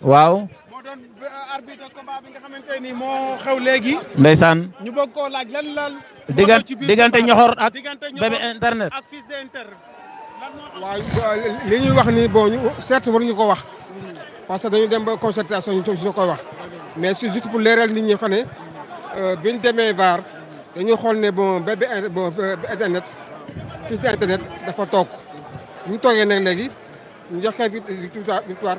waaw. moo doon euh, arbitre combat bi nga xamante ni moo xew léegi. ndeysaan. ñu bëgg koo laaj lan lan. diggante ñoxor ak bébé internet. ak fils d'inter. waaw li ñuy wax ni bo ñu certes waruñu ko wax. parce que dañu dem ba concertation ñu soo koy wax. mais c'est juste pour leeral nit ñi xam ne euh, bi ñu VAR dañu xool ne bon bébé bon euh, internet fils d'internet dafa toog ñu toogee nag léegi ñu joxe victoire.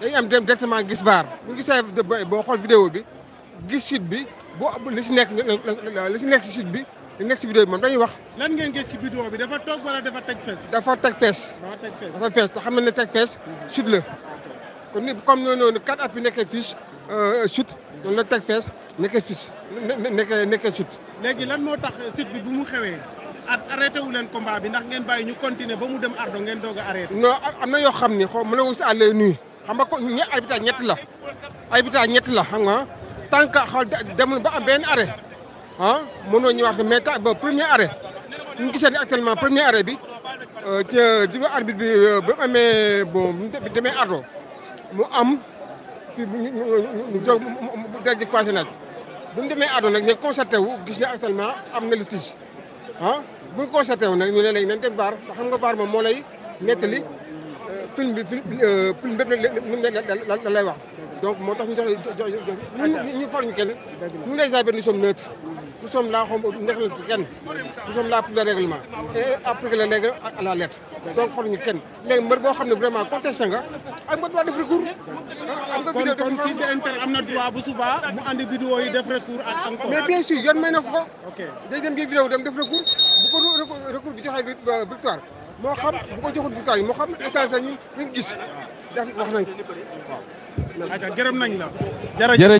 dañuy am dem directement gis baar bu gisee boo xool vidéo bi gis site bi boo li si nekk li si nekk si site bi li nekk si vidéo bi moom wax. lan ngeen gis si vidéo bi dafa toog wala dafa teg fees. dafa teg fees. dafa fees te xam na ne teg fees site la. kon ni comme noonu noonu quatre appuis nekkee fiche euh, site noonu la teg fees nekkee fiche nekkee nekkee site. léegi lan moo tax site bi bu mu xewee. arrêté wu leen combat bi ndax ngeen bàyyi ñu continuer ba mu dem ardo ngeen doog a arrêté. non am na yoo xam ni xaw ma ne ko si àll nuyu. xam nga ko habitat ñett la habitat ñett la xam nga tant que xaw demul ba am benn arrêt ah mënoo ñëwaat mais ba premier arrêt ñu gisee ne actuellement premier arrêt bi euh, ci diva euh, arbitre bi euh, ba mu amee bi demee ardo mu am fi ñu jóg daj passé naaj bu ñu demee ardo nag ñu constaté wu gis ne actuellement am na litige ah bu ñu constaté wu nag ñu ne léegi nañ dem VAR xam nga VAR moom moo lay nettali film film film donc nous les nous sommes neutres nous sommes là nous sommes là pour le règlement et après les à la lettre donc kenn Les vraiment recours ah, de recours mais bien sûr il may na ko recours recours euh, victoire moo xam bu ko joxul victoire yi moo xam essentiel ñu ñu gis def wax nañ ko waaw. gërëm nañ la jërëjëf.